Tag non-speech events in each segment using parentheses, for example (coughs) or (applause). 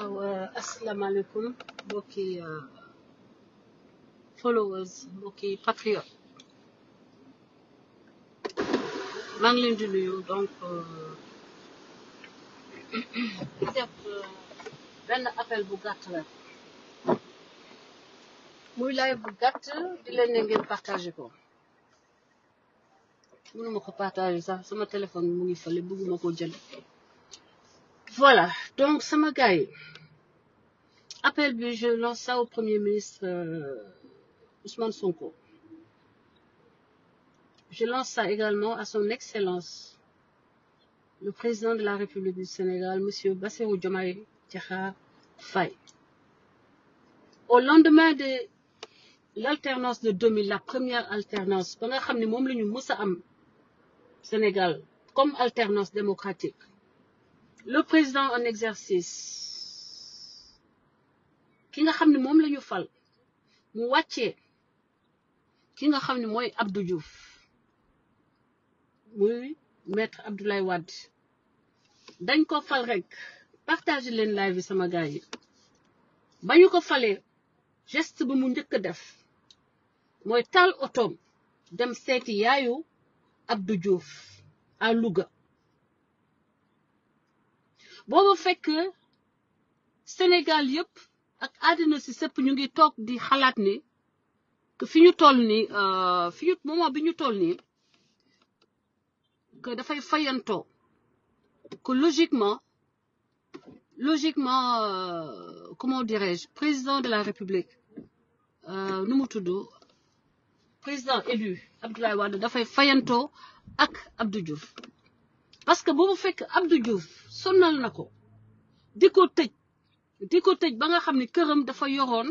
وأسلم عليكم بوكي followers ok patriote maa ngi leen di nuyu donc euh, (coughs) def euh, benn appel bu gàtt la muy live bu gàtt di leen ne ngeen partagé ko mënuma ko partagé sax sama téléphone mu ngi fële bëgguma ko jël voilà donc sama gars yi appel bi je lance ça au premier ministre euh, Ousmane Sonko. Je lance ça également à son Excellence, le président de la République du Sénégal, M. Bassirou Diomaye Diakhar Faye. Au lendemain de l'alternance de 2000, la première alternance, nga le Sénégal comme alternance démocratique, le président en exercice qui ki nga xam ne mooy abdu Diouf muy maître Abdoulaye Wade dañ ko fal rek partage leen live bi sama gars yi ba ñu ko falee gest bi mu njëkk a def mooy taal otoom dem seeti yaayu abdu Diouf à Louga booba fekk Sénégal yëpp ak àddina si sëpp ñu ngi toog di xalaat ni Que ñu toll que logiquement logiquement euh, comment dirais-je président de la république euh, nu président élu Abdoulaye Wade dafay ak Abdou Diouf parce que boobu fekk Abdou Diouf sonnal na ko di ko ba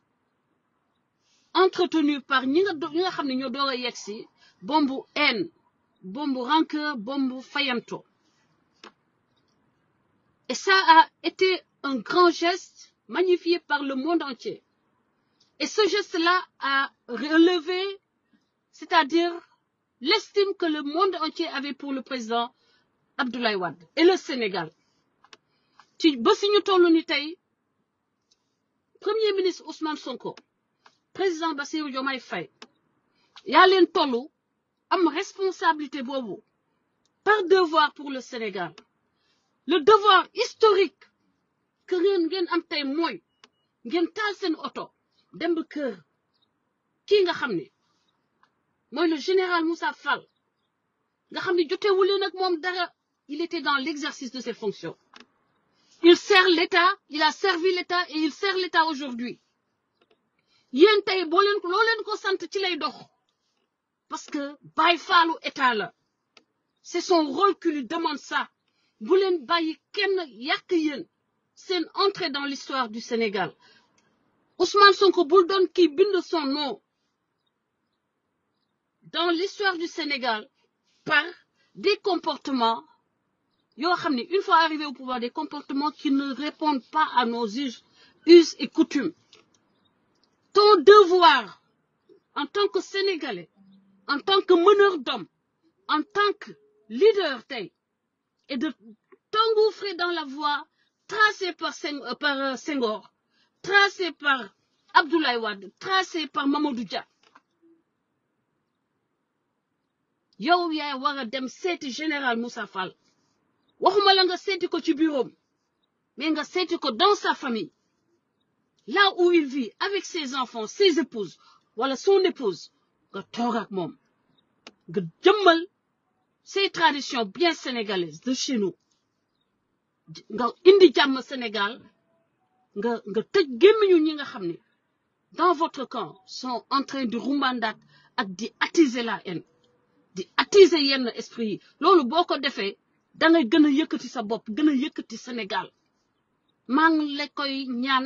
entretenu par ñi a et ça a été un grand geste magnifié par le monde entier et ce geste là a relevé c'est-à-dire l'estime que le monde entier avait pour le président Abdoulaye Wade et le Sénégal premier ministre Ousmane Sonko président Bassirou Diomaye Faye yaa len tollu am responsabilité par devoir pour le Sénégal le devoir historique que nous avons am tay moy ngeen tal sen auto dem nga le général Moussa Fall nga que il était dans l'exercice de ses fonctions il sert l'État il a servi l'État et il sert l'État aujourd'hui il tay boo ko loo ko sante ci lay dox parce que état la c'est son rôle qui lui demande ça bu leen bàyyi kenn yak yeen sen entrée dans l'histoire du Sénégal Ousmane Sonko bul qui ki bind son nom dans l'histoire du Sénégal par des comportements une fois arrivé au pouvoir des comportements qui ne répondent pas à nos us us et coutumes ton devoir en tant que Sénégalais, en tant que meneur d'hommes, en tant que leader Tay, est de t'engouffrer dans la voie tracée par, euh, par euh, Senghor, tracée par Abdoulaye Wade, tracée par Mamadou Dia. yow yaay war a dem général Moussa Fall waxuma la nga ko bureau mais nga ko dans sa famille là où il vit avec ses enfants ses épouses voilà son épouse nga toog ak moom ces traditions bien sénégalaises de chez nous nga indi Sénégal nga nga tëj ñi nga dans votre camp sont en train de rumbandaat et d'attiser la haine d'attiser attiser yenn esprit yi loolu boo ko defee da ngay gën a yëkkati sa bopp gën Sénégal maa le la koy ñaan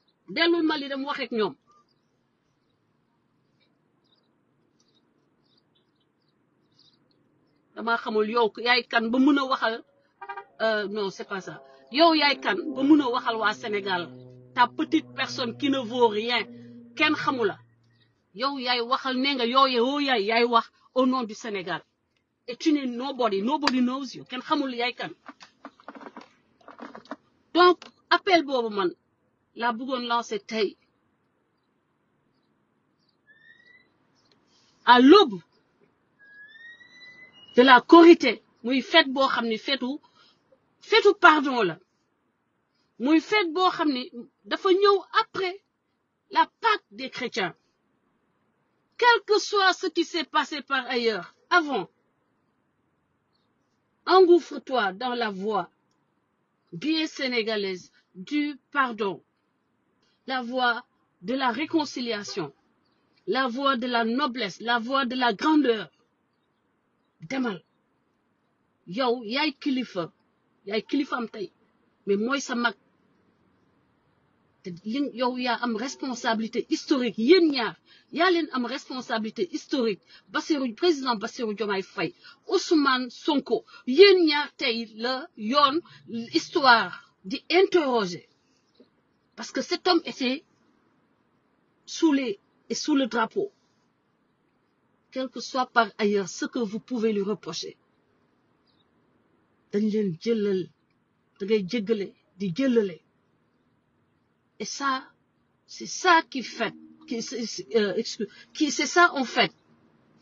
dellul Mali dem wax ak ñom dama xamul yow kan ba mëna a euh non c'est pas ça yow yaay kan ba mëna a waxal Sénégal ta petite personne qui ne vaut rien ken xamula yow yaay waxal nga yow yow yaay yaay wax au nom du Sénégal et tu n'es nobody nobody knows you ken xamul yaay kan donc appel bobu man. La Bougon lance taille. à l'aube de la corité, nous fête pardon, xam tout, pardon là. fête après la Pâque des chrétiens quel que soit ce qui s'est passé par ailleurs avant engouffre-toi dans la voie bien sénégalaise du pardon la voie de la réconciliation, la voie de la noblesse, la voie de la grandeur. demal yow yay kilifa Yay kilifa am tay. mais moi, ça m'a... Il y'a am responsabilité historique Il ñaar Y'a une responsabilité historique Le président Bassirou Diomaye Faye Ousmane Sonko il y a une histoire di parce que cet homme était sous les, et sous le drapeau. Quel que soit par ailleurs ce que vous pouvez lui reprocher. Et ça, c'est ça qui fait, euh, qui, c'est ça en fait,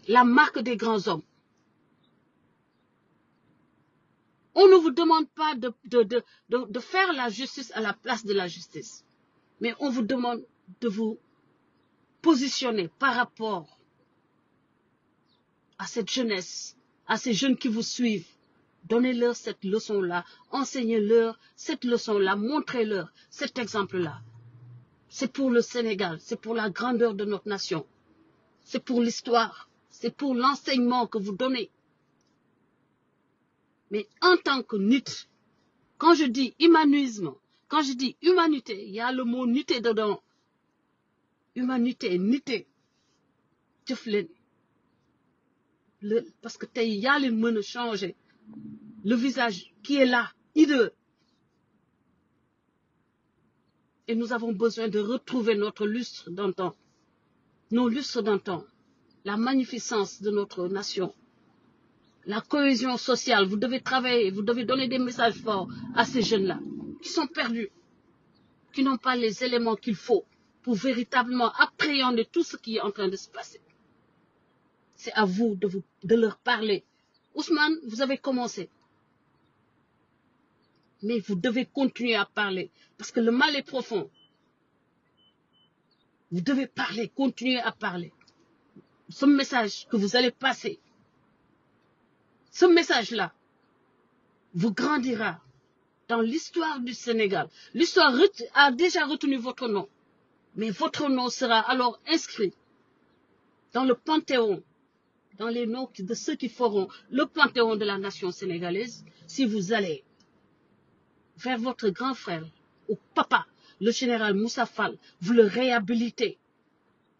la marque des grands hommes. On ne vous demande pas de, faire la justice à la place de la justice. Mais on vous demande de vous positionner par rapport à cette jeunesse, à ces jeunes qui vous suivent. Donnez-leur cette leçon-là, enseignez-leur cette leçon-là, montrez-leur cet exemple-là. C'est pour le Sénégal, c'est pour la grandeur de notre nation, c'est pour l'histoire, c'est pour l'enseignement que vous donnez. Mais en tant que NUT, quand je dis humanisme, quand je dis humanité, il y a le mot nité dedans. Humanité, nité. Le, parce que il y a changer le visage qui est là hideux et nous avons besoin de retrouver notre lustre d'antan nos lustres d'antan la magnificence de notre nation la cohésion sociale vous devez travailler vous devez donner des messages forts à ces jeunes là qui sont perdus, qui n'ont pas les éléments qu'il faut pour véritablement appréhender tout ce qui est en train de se passer. C'est à vous de, leur parler. Ousmane, vous avez commencé. Mais vous devez continuer à parler parce que le mal est profond. Vous devez parler, continuer à parler. Ce message que vous allez passer, ce message-là, vous grandira dans l'histoire du Sénégal. L'histoire a déjà retenu votre nom. Mais votre nom sera alors inscrit dans le panthéon, dans les noms de ceux qui feront le panthéon de la nation sénégalaise, si vous allez vers votre grand frère ou papa, le général Moussa Fall, vous le réhabilitez.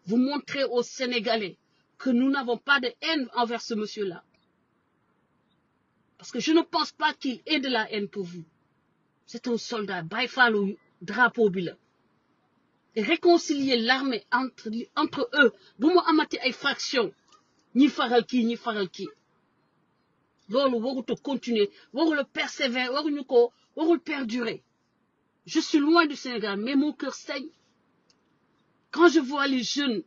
Vous montrez aux Sénégalais que nous n'avons pas de haine envers ce monsieur-là. Parce que je ne pense pas qu'il ait de la haine pour vous c'est un soldat Baifalo, drapeau bi réconcilier l'armée entre eux bon moi amati ay faction ni faral ni ñi faral kii vous continuer le persévérer waruñu perdurer je suis loin du Sénégal mais mon cœur saigne quand je vois les jeunes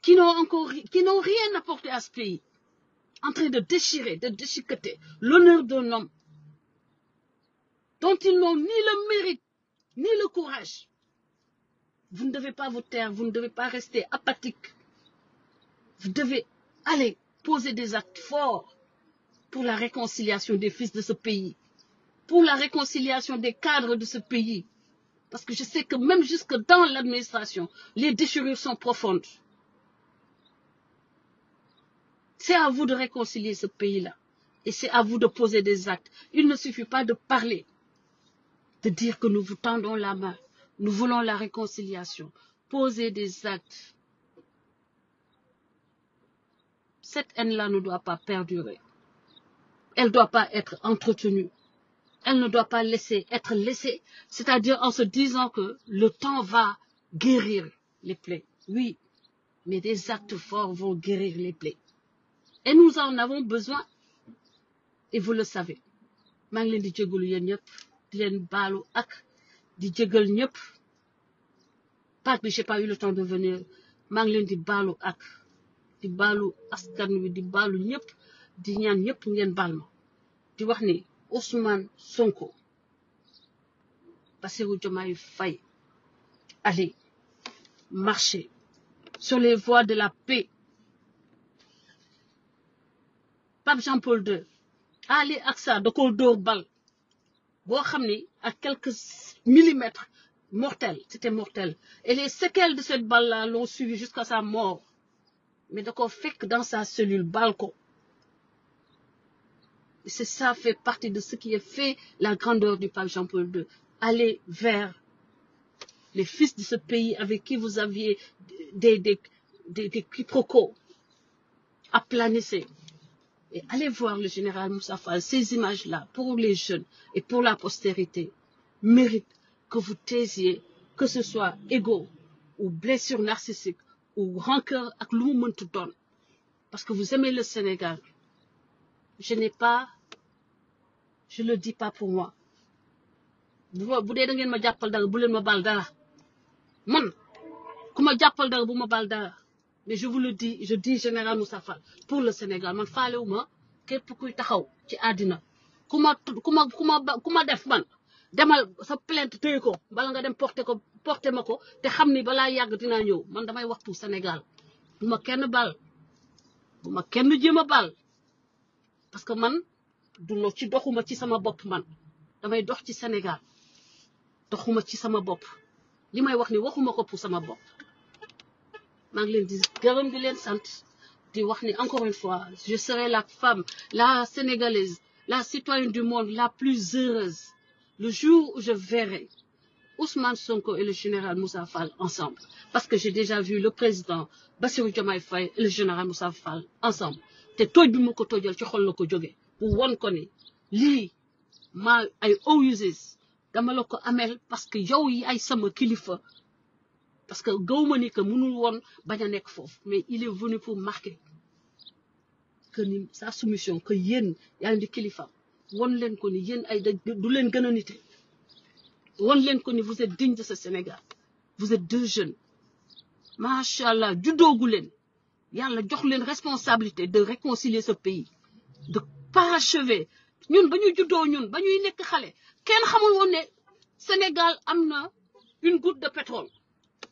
qui n'ont encore qui n'ont rien apporté à ce pays en train de déchirer de déchiqueter l'honneur d'un homme dont ils n'ont ni le mérite, ni le courage. Vous ne devez pas vous taire, vous ne devez pas rester apathique. Vous devez aller poser des actes forts pour la réconciliation des fils de ce pays, pour la réconciliation des cadres de ce pays. Parce que je sais que même jusque dans l'administration, les déchirures sont profondes. C'est à vous de réconcilier ce pays-là. Et c'est à vous de poser des actes. Il ne suffit pas de parler de dire que nous vous tendons la main, nous voulons la réconciliation, poser des actes. Cette haine-là ne doit pas perdurer. Elle ne doit pas être entretenue. Elle ne doit pas laisser être laissée, c'est-à-dire en se disant que le temps va guérir les plaies. Oui, mais des actes forts vont guérir les plaies. Et nous en avons besoin. Et vous le savez di n'ai ak di j'ai pas eu le temps de venir mang ak di balou askan di balou ñep di ñaan ñep ngeen venir. di wax ni Ousmane Sonko fay allez marcher sur les voies de la paix Pape Jean-Paul II allez Aksa de à quelques millimètres mortel c'était mortel et les séquelles de cette balle là l'ont suivi jusqu'à sa mort mais on fait que dans sa cellule balcon. c'est ça fait partie de ce qui est fait la grandeur du pape Jean-Paul II aller vers les fils de ce pays avec qui vous aviez des des des, des quiproquos et allez voir le général Moussa ces images-là, pour les jeunes et pour la postérité, méritent que vous taisiez, que ce soit égo ou blessure narcissique ou rancœur avec le Parce que vous aimez le Sénégal. Je n'ai pas, je ne le dis pas pour moi. Vous mais je vous le dis je dis général Moussa pour le Sénégal man pas taxaw ci Adina. comment plainte ko bala nga dem porter te xamni bala yag dina ñew man damay Sénégal buma kenn bal buma kenn jima bal parce que man du ci doxuma ci sama man damay dox ci Sénégal doxuma ci sama des li wax ni pour sama encore une fois je serai la femme la sénégalaise la citoyenne du monde la plus heureuse le jour où je verrai Ousmane Sonko et le général Moussa Fall ensemble parce que j'ai déjà vu le président Bassirou Diomaye Faye et le général Moussa Fall ensemble te tooj bi mu ko toojal ci xol la ko jógee bu won ko ne lii maa ay aw dama la amel parce que yow yaay sama kilifa parce que gawma ni que mënul won baña nek nekk mais il est venu pour marquer que ni sa soumission que yeen yaa ngi di kilifa won len ko ni yeen ay du len gën won len ko ni vous êtes digne de ce Sénégal vous êtes deux jeunes macha allah juddoogu len yalla jox len responsabilité de réconcilier ce pays de parachever ñun bañu ñuy nous ñun bañuy nek xalé xale kenn xamul won né Sénégal amna une goutte de pétrole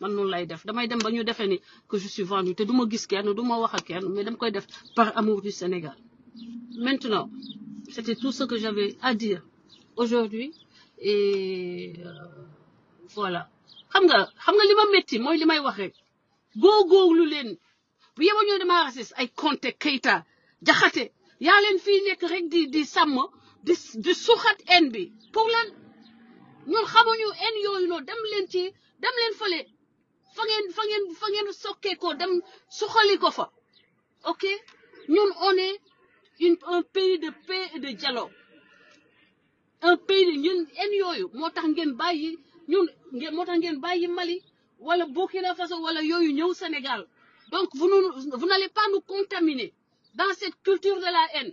man noonu lay def damay dem ba ñu ni que je suis vendu te du ma gis kenn duma wax ak kenn mais dam koy def par amour du Sénégal maintenant c'était tout ce que j'avais à dire aujourd'hui et euh, voilà xam nga xam nga li ma métti mooy li may wax rek góorgóorlu leen bu yeba ñu dama rasis ay Conté Keïta Jaxate ya len fi nek rek di di sam di di suxat en bi pour lan ñun xamuñu en yoyu no dem len ci dem len fele fa ngeen fa ngeen ko dem soxali ko fa ok ñun on est une un pays de paix et de dialogue un pays de ñun en yooyu motax tax ngeen bàyyi ñun moo tax ngeen bàyyi Mali wala Burkina Faso wala yooyu ñew Sénégal donc vous vous n'allez pas nous contaminer dans cette culture de la haine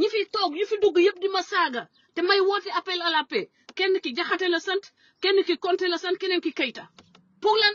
ñi fi tok ñi fi dugg yëpp di ma saaga may woti appel à la paix kenn ki jaxaté la sante kenn ki konte la sante kenen ki kayta pour lan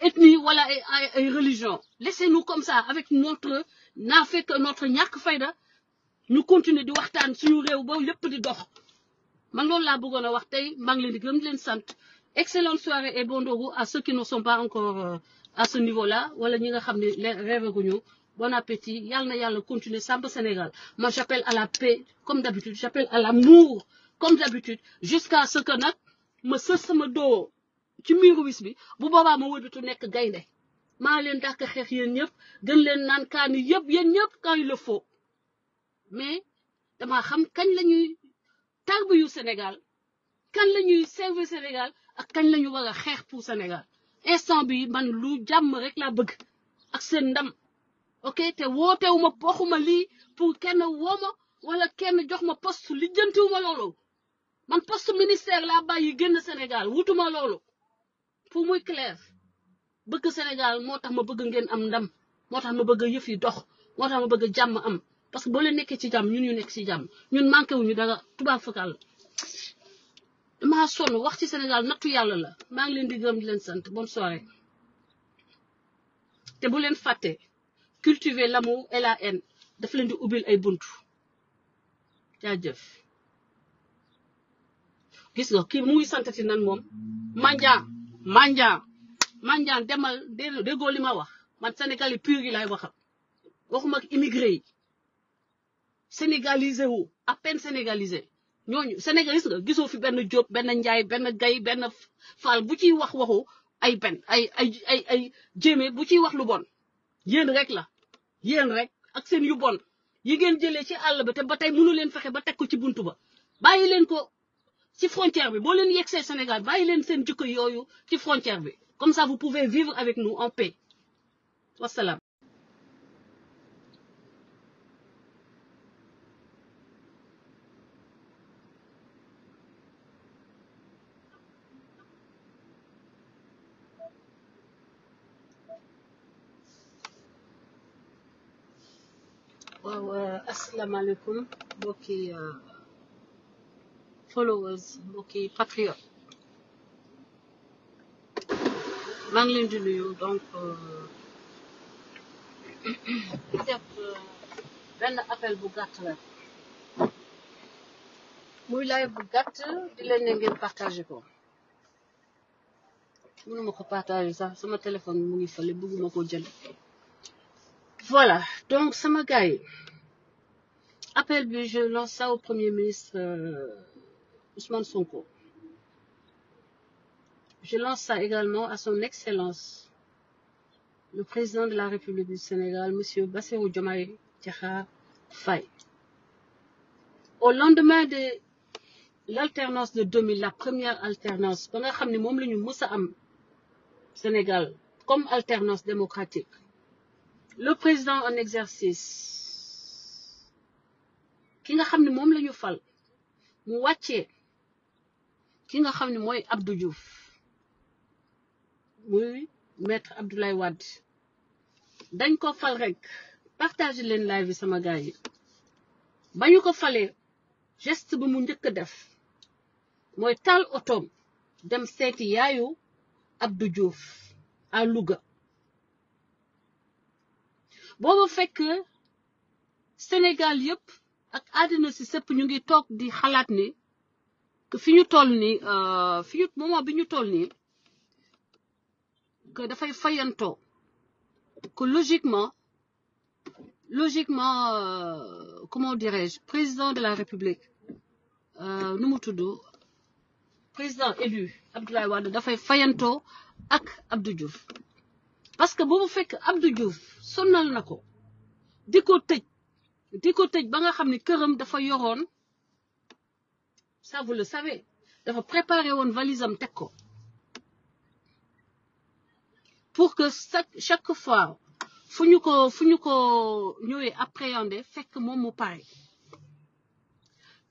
ethnie voilà, et religion laissez-nous comme ça avec notre fait que notre ñak fayda ñu continuer di waxtaan suñu rew bo lépp di dox man lool la bëggona wax tay maa ngi leen di di leen excellente soirée et bon dogu à ceux qui ne sont pas encore euh, à ce niveau là wala ñi nga xam de bon appétit Yalla na yalla continuer samba Sénégal moi j'appelle à la paix comme d'habitude j'appelle à l'amour comme d'habitude jusqu'à ce que nak me sës ci miiru wis bi bu boobaa ma wëlbatu nekk gaynde ma leen dàq xeex yéen ñëpp gën leen naan kaani yëpp yéen ñëpp quand il le mais dama xam kañ la ñuy tarbiyu senegal kañ la ñuy servir Sénégal ak kañ la ñu war a xeex pour Sénégal instant bi man lu jàmm rek la bëgg ak seen ndam ok te wootewuma boxuma li pour kenn wooma wala kenn jox ma poste lijjantiwuma loolu man poste ministère la bàyyi génn Sénégal wutuma loolu faut muy clair bëgg Sénégal moo tax ma bëgg ngeen am ndam moo tax ma bëgg yëf yi dox moo ma bëgg jàmm am parce que boo nekkee ci jàmm ñun ñu nekk ci jàmm ñun manqué wuñu dara tubaab fakal damaa sonn wax ci Sénégal nattu yàlla la maa ngi leen di gërëm di leen sant bonne soirée te bu leen fàtte cultiver l'amour daf leen di ubbil ay buntu jaajëf gis nga kii muy santati nan moom Mandiang Mandiang Mandiang demal déggoo li ma wax man sénégalais pur yi lay waxal waxuma ak immigré sénégalisé wu à peine sénégalisé ñooñu sénégalais nga gisoo fi benn Diop benn Ndiaye benn Gaye benn Fall bu ciy wax waxu ay benn ay ay ay ay jéeme bu ciy wax lu bon yéen rek la yéen rek ak seen yu bon yi ngeen jëlee ci àll ba te ba tey mënu leen fexe ba teg ci buntu ba bàyyi ko ci frontière bi bo leen yexé Sénégal bayi leen seen jikko yooyu ci frontière bi comme ça vous pouvez vivre avec nous en paix wasalaam. waaw euh, asalaamaaleykum mbokki. Euh, followers ok patriote maa ngi leen di nuyu donc euh, c'est (coughs) euh, ben appel bu gàtt la muy live bu gàtt di partager ne ngeen partagé ko mënuma ko partagé sax sama téléphone mu ngi fële bëgguma me jël voilà donc sama gars appel bi je lance ça au premier ministre euh, Ousmane Sonko. Je lance ça également à son Excellence, le président de la République du Sénégal, M. Bassirou Diomaye Faye. Au lendemain de l'alternance de 2000, la première alternance, Sénégal comme alternance démocratique, le président en exercice qui a ki nga xam ne mooy abdu Diouf muy maître Abdoulaye Wade dañ ko fal rek partage leen live bi sama gars yi ñu ko falee gest bu mu njëkk a def mooy taal otoom dem seeti yaayu abdu Diouf à Louga booba fekk Sénégal yëpp ak àddina si sëpp ñu ngi toog di xalaat ni fi ñu toll nii euh, fi ñu moment bi ñu toll nii que dafay fayantoo que logiquement logiquement euh, comment dirais-je président de la république euh, nu mu tudd président élu Abdoulaye Wade dafay fayantoo ak Abdou Diouf parce que bu mu fekk Abdou Diouf sonnal na ko di ko tëj di ko tëj ba nga xam ni këram dafa yoroon ça vous le savez faut préparé une valise en teg pour que chaque fois fu nous ko fu ñu que ñëwee appréhender parle.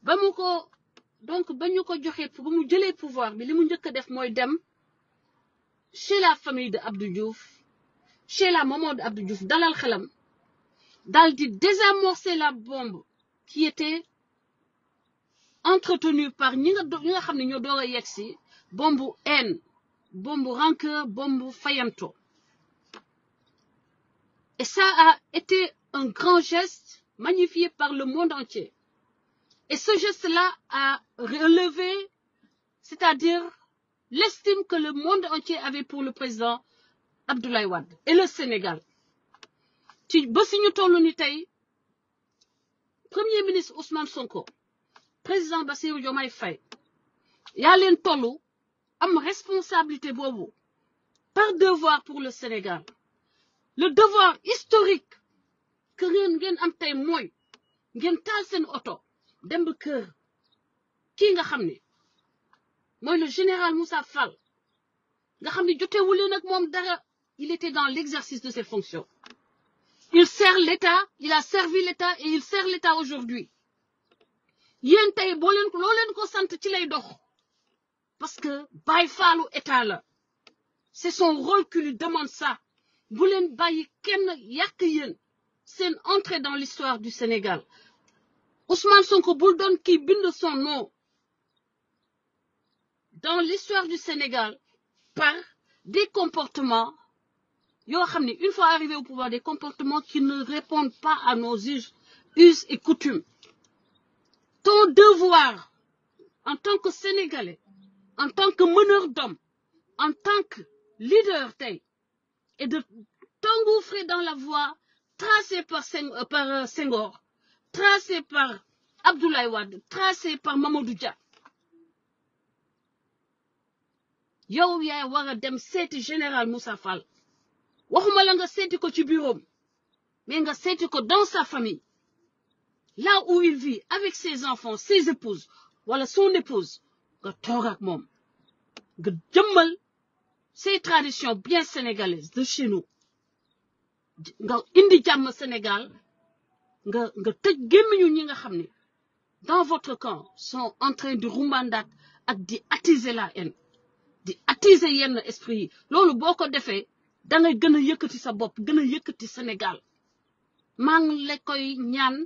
donc pour que ko joxee pouvoir mais li mu njëkk dem chez la famille d'Abdou Diouf chez la maman d'Abdou Diouf, dans dalal xelam dans di désamorcer la bombe qui était entretenu par ñi nga ñoo haine rancœur fayanto et ça a été un grand geste magnifié par le monde entier et ce geste là a relevé c'est-à-dire l'estime que le monde entier avait pour le président Abdoulaye Wade et le Sénégal ci ba ton premier ministre Ousmane Sonko président Bassirou Diomaye Faye yaa Tolu am responsabilité vous, par devoir pour le Sénégal le devoir historique que rien ngeen am tay moy ngeen tal sen auto dem nga le général Moussa Fall nga xamné ne wulé nak mom il était dans l'exercice de ses fonctions il sert l'État il a servi l'État et il sert l'État aujourd'hui il tay ko lo len ko sante ci lay dox parce que Baye état la c'est son rôle qui lui demande ça bu une kenn yak yeen entrée dans l'histoire du Sénégal Ousmane Sonko Bouldon qui ki bind son nom dans l'histoire du Sénégal par des comportements une fois arrivé au pouvoir des comportements qui ne répondent pas à nos us us et coutumes son devoir en tant que Sénégalais, en tant que meneur d'hommes, en tant que leader et de t'engouffrer dans la voie tracée par, euh, par euh, Senghor, tracée par Abdoulaye Wade, tracée par Mamadou Dia. yow yaay wara dem seti général Moussa Fall waxuma la ko bureau mais nga seeti ko dans sa famille là où il vit avec ses enfants ses épouses voilà son épouse nga toog ak moom nga ces traditions bien sénégalaises de chez nous nga indi Sénégal nga nga ñi nga dans votre camp sont en train de rumbandaat et d'attiser la haine D'attiser l'esprit. yenn esprit Lolu boko boo da ngay gëna yëkëti sa bop, gëna yëkëti Sénégal Mang ngi koy ñaan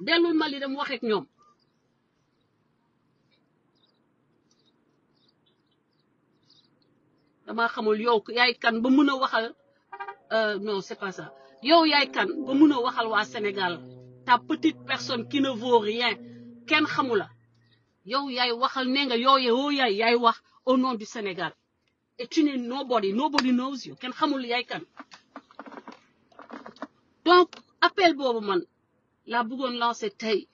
dellul Mali dem ak ñom dama xamul yow yaay kan ba euh, non c'est pas ça yow yaay kan ba Sénégal ta petite personne qui ne vaut rien ne xamula yow yaay waxal nga oh, wax au nom du Sénégal et tu n'es nobody nobody knows you ken xamul yaay kan donc appel bobu la bougon lance taille.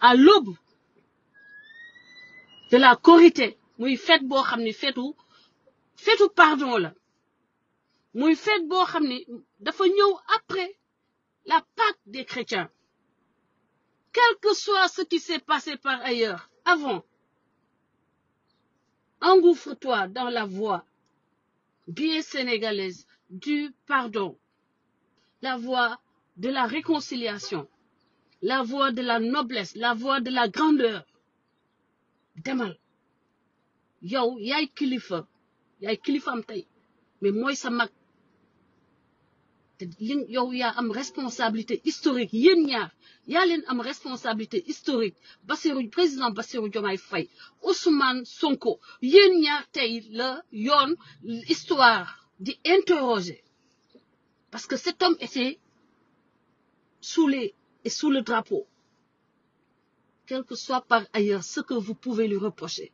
à l'aube de la corité, faites fête pardon, faites tout, pardon là. après la Pâque des chrétiens quel que soit ce qui s'est passé par ailleurs avant engouffre-toi dans la voie bien sénégalaise du pardon la voie de la réconciliation, la voie de la noblesse, la voie de la grandeur. demal yow yay kilifa Yay kilifa am tey mais moi, ça m'a... te y'a am responsabilité historique yéen Ya Y'a am responsabilité historique Le président Bassirou Diomaye Faye Ousmane Sonko il y tey yon histoire di parce que cet homme était les et sous le drapeau. Quel que soit par ailleurs ce que vous pouvez lui reprocher.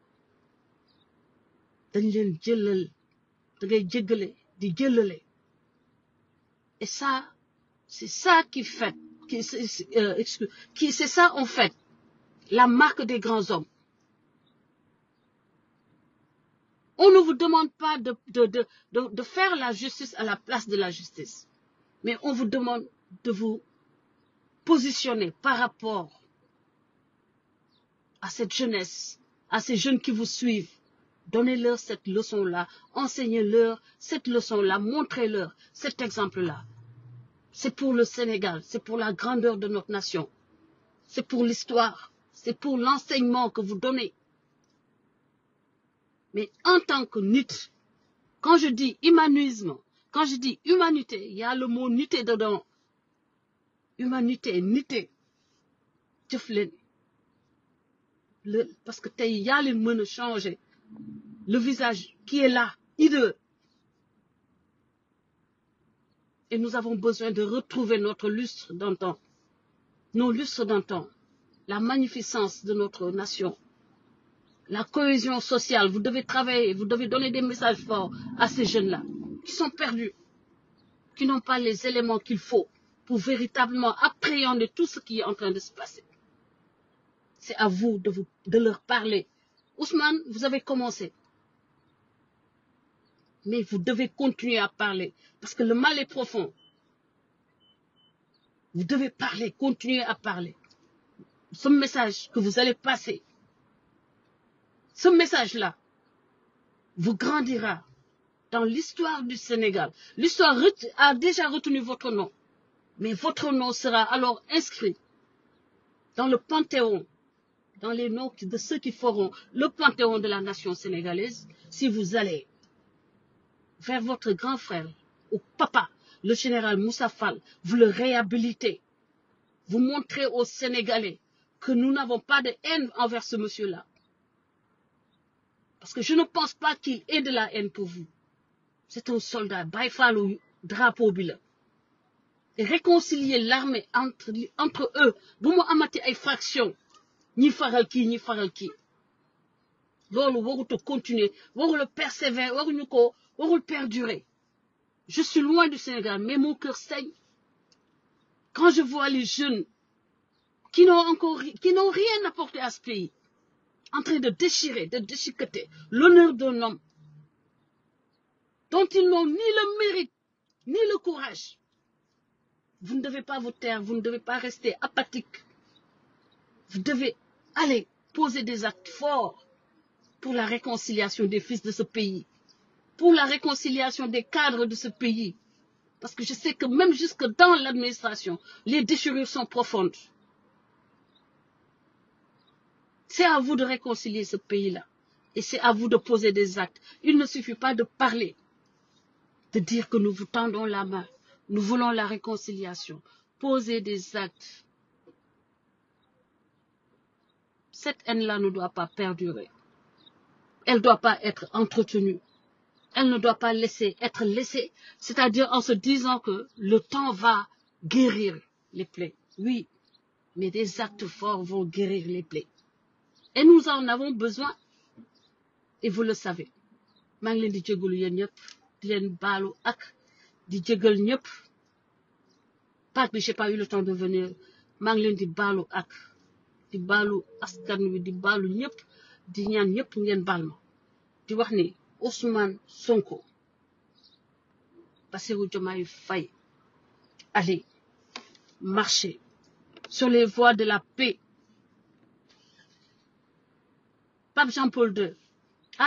Et ça, c'est ça qui fait, euh, c'est ça en fait, la marque des grands hommes. On ne vous demande pas de, faire la justice à la place de la justice. Mais on vous demande de vous positionner par rapport à cette jeunesse, à ces jeunes qui vous suivent. Donnez-leur cette leçon-là, enseignez-leur cette leçon-là, montrez-leur cet exemple-là. C'est pour le Sénégal, c'est pour la grandeur de notre nation, c'est pour l'histoire, c'est pour l'enseignement que vous donnez. Mais en tant que NIT, quand je dis humanisme, quand je dis humanité, il y a le mot nité dedans. Humanité, nité. parce que y y a changer le visage qui est là, hideux. Et nous avons besoin de retrouver notre lustre d'antan, nos lustres d'antan, la magnificence de notre nation, la cohésion sociale. Vous devez travailler, vous devez donner des messages forts à ces jeunes-là qui sont perdus, qui n'ont pas les éléments qu'il faut pour véritablement appréhender tout ce qui est en train de se passer. C'est à vous de, vous de, leur parler. Ousmane, vous avez commencé. Mais vous devez continuer à parler parce que le mal est profond. Vous devez parler, continuer à parler. Ce message que vous allez passer, ce message-là, vous grandira dans l'histoire du Sénégal. L'histoire a déjà retenu votre nom. Mais votre nom sera alors inscrit dans le panthéon, dans les noms de ceux qui feront le panthéon de la nation sénégalaise, si vous allez vers votre grand frère ou papa, le général Moussa Fall, vous le réhabilitez. Vous montrez aux Sénégalais que nous n'avons pas de haine envers ce monsieur-là. Parce que je ne pense pas qu'il ait de la haine pour vous c'est un soldat Baye drapeau bi réconcilier l'armée entre entre eux Bon moi, amati ay fraction ni faral ni ñi faral kii loolu vous continuer vous persévérer waruñu vous warul perdurer je suis loin du Sénégal mais mon cœur saigne quand je vois les jeunes qui n'ont qui n'ont rien apporté à ce pays en train de déchirer de déchiqueter l'honneur d'un homme dont ils n'ont ni le mérite, ni le courage. Vous ne devez pas vous taire, vous ne devez pas rester apathique. Vous devez aller poser des actes forts pour la réconciliation des fils de ce pays, pour la réconciliation des cadres de ce pays. Parce que je sais que même jusque dans l'administration, les déchirures sont profondes. C'est à vous de réconcilier ce pays-là. Et c'est à vous de poser des actes. Il ne suffit pas de parler de dire que nous vous tendons la main, nous voulons la réconciliation, poser des actes. Cette haine-là ne doit pas perdurer. Elle ne doit pas être entretenue. Elle ne doit pas laisser être laissée, c'est-à-dire en se disant que le temps va guérir les plaies. Oui, mais des actes forts vont guérir les plaies. Et nous en avons besoin. Et vous le savez. Manglindi di balou ak di jégal ñëpp pas mais j'ai pas eu le temps de venir Manglin leen di balou ak di balou askan wi di balou ñëpp di ñaan ñëpp ngeen baal di wax ni Ousmane Sonko Bassirou Diomaye Faye allez marcher sur les voies de la paix Pape Jean-Paul II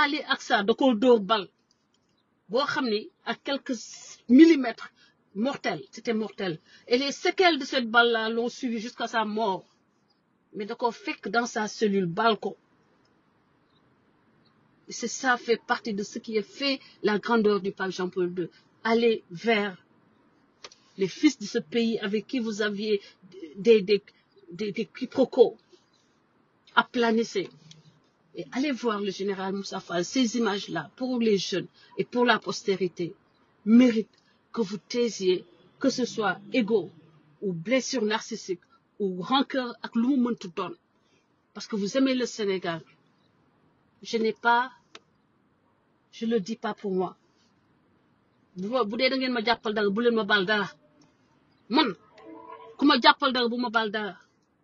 allez Aksa de koo bal Bohamni, à quelques millimètres mortel c'était mortel et les séquelles de cette balle là l'ont suivi jusqu'à sa mort mais donc, on fait que dans sa cellule balco. c'est ça fait partie de ce qui a fait la grandeur du pape Jean-Paul II aller vers les fils de ce pays avec qui vous aviez des des des, des aplanissez et allez voir le général Moussa ces images-là, pour les jeunes et pour la postérité, méritent que vous taisiez, que ce soit ego ou blessure narcissique ou rancœur avec le Parce que vous aimez le Sénégal. Je n'ai pas, je ne le dis pas pour moi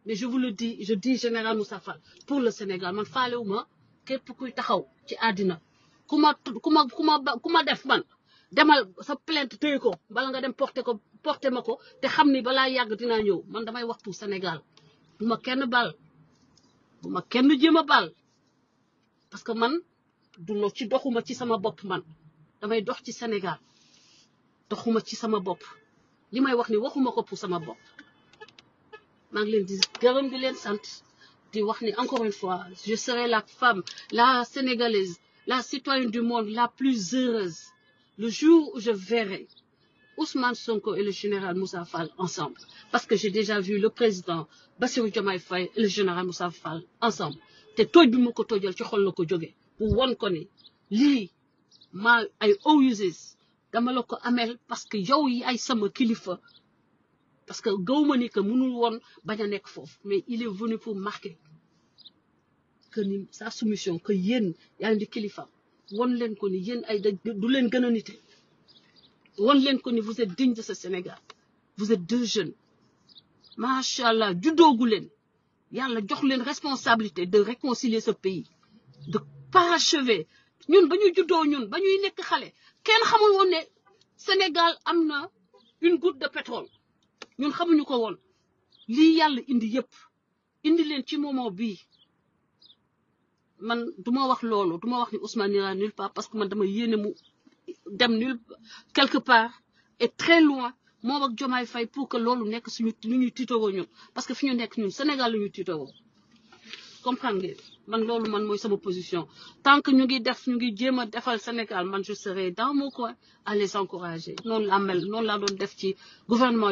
mais je vous le dis je dis général Moussa Fall pour le Sénégal man faalewuma képp kuy taxaw ci àddina ku ma ku ma ku ma ku ma def man demal sa plainte téye ko bala nga dem porter ko porter ma ko te xam ni balaa yàgg dinaa ñëw man damay waxtu Sénégal bu ma kenn bal bu ma kenn jéem a bal parce que man du lo ci doxuma ci sama bopp man damay dox ci Sénégal doxuma ci sama bopp li may wax ni waxuma ko pour sama bopp encore une fois je serai la femme la sénégalaise la citoyenne du monde la plus heureuse le jour où je verrai Ousmane Sonko et le général Moussa Fall ensemble parce que j'ai déjà vu le président Bassirou Diomaye Faye et le général Moussa Fall ensemble parce que parce que gawma ni que nous woon bañ a nekk mais il est venu pour marquer que sa soumission que yéen yaa ngi di kilifa won len ko ni yéen ay du len gën won len ko ni vous êtes digne de ce Sénégal vous êtes deux jeunes MashaAllah, du juddoogu len yalla jox len responsabilité de réconcilier ce pays de parachever ñun bañu ñu juddoo ñun bañuy nek xalé xale xamul woon ne Sénégal amna une goutte de pétrole ñun xamuñu ko woon nous yàlla indi yépp indi leen ci moment man du wax loolu ni Ousmane part parce que man dama dem nulle quelque part et très loin moom Fay pour que suñu ñuy parce que fi ñu nekk ñun Sénégal nous comprendre man man position tant que nous ngi def ñu ngi defal Sénégal je serai dans mon coin à les encourager Nous, nous mel noonu doon def gouvernement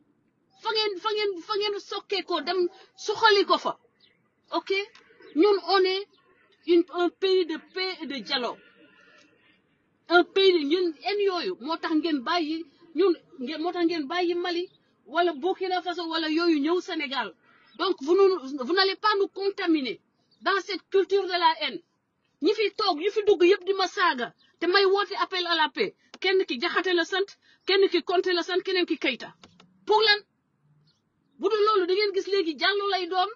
fangen fangen fangen ngeen ko dem soxali ko fa ok ñun on est une un pays de paix et de dialogue un pays de ñun en yooyu motax tax ngeen bàyyi ñun moo tax ngeen bayyi Mali wala Burkina Faso wala yooyu ñew Sénégal donc vous vous n'allez pas nous contaminer dans cette culture de la haine ñi fi tok ñi fi dugg yépp di ma saaga te may woti appel à la paix kenn ki jaxaté la sante kenn ki konte la sante kenen ki kayta pour lan bu dul loolu da ngeen gis léegi jàllu lay doon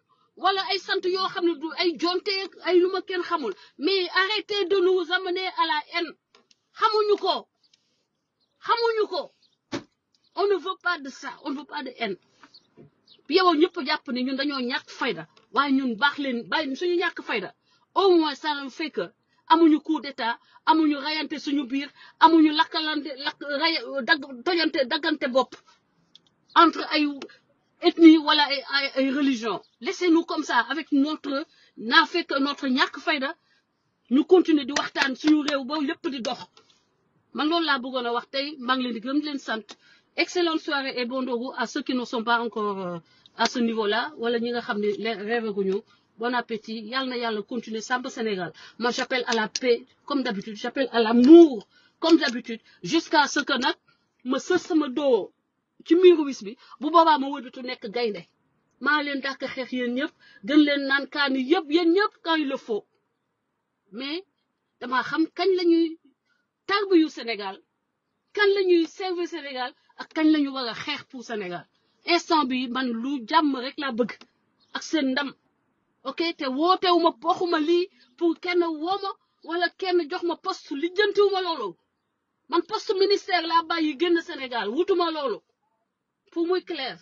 wala ay sant yoo xam ne du ay jonte ay lu ma xamul mais arrêtez de nous amener à la haine xamuñu ko xamuñu ko on ne veut pas de ça on ne pas de haine yow ñëpp jàpp ne ñu dañoo ñàkk fayda waaye ñu baax leen bàyyi suñu ñàkk fayda au moins ça fait amuñu coup d'état amuñu rayante suñu biir amuñu lakkalante lakk ray dagg tojante daggante bopp entre ay ethnie voilà, et religion laissez-nous comme ça avec notre fait que notre ñak fayda ñu continuer di waxtaan suñu rew bo lepp di dox man loolu la bëggona wax tay mang leen di gërëm leen sante excellente soirée et bon dogu à ceux qui ne sont pas encore euh, à ce niveau là wala ñi nga xam ne bon appétit yàlla na yàlla continuer sàmm Sénégal moi j'appelle à la paix comme d'habitude j'appelle à l'amour comme d'habitude jusqu'à ce que nak me sës ma do ci miiru wis bi bu boobaa ma wëlbatu nekk gaynde maa leen dàq xeex yéen ñëpp gën leen naan kaani yëpp yéen ñëpp quand il le mais dama xam kañ lañuy ñuy tarbu yu Sénégal kañ la ñuy servir Sénégal ak kañ la ñu war a xeex pour Sénégal instant bi man lu jàmm rek la bëgg ak seen ndam ok te wootewuma waxuma li pour kenn woo ma wala kenn jox ma poste lijjantiwuma loolu man poste ministère laa bàyyi génn senegal wutuma loolu pour muy clair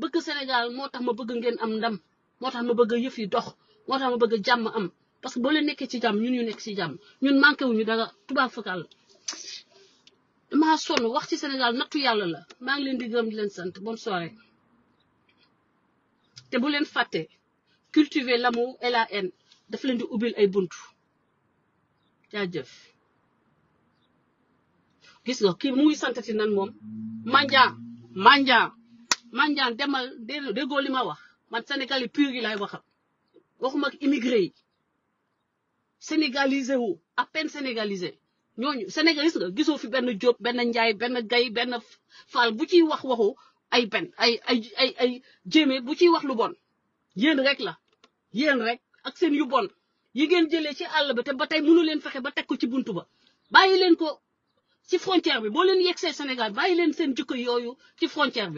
bëgg Sénégal moo tax ma bëgg ngeen am ndam moo tax ma bëgg yëf yi dox moo ma bëgg jàmm am parce que boo leen nekkee ci jàmm ñun ñu nekk ci jàmm ñun manqué wuñu dara tubaab fakal damaa sonn wax ci Sénégal nattu yàlla la maa ngi leen di gërëm di leen sant bonne soirée te bu leen fàtte cultiver l'amour et daf leen di ubbil ay buntu jaajëf gis nga kii mu ngi santati nan moom manjaan Mandiang Mandiang demal déggoo li ma wax man sénégalais pur yi laay waxal waxuma ak immigré yi sénégalisé wu à peine sénégalisé ñooñu sénégalais nga gisoo fi benn Diop benn Ndiaye benn Gaye benn Fall bu ciy wax waxu ay benn ay ay ay ay jéeme bu ciy wax lu bon yéen rek la yéen rek ak seen yu bon yi ngeen jëlee ci àll ba te ba tey mënu leen fexe ba teg ko ci buntu ba bàyyi ko ci frontière :fra bi boo leen yegg see Sénégal bàyyi leen seen jikko yooyu ci frontière bi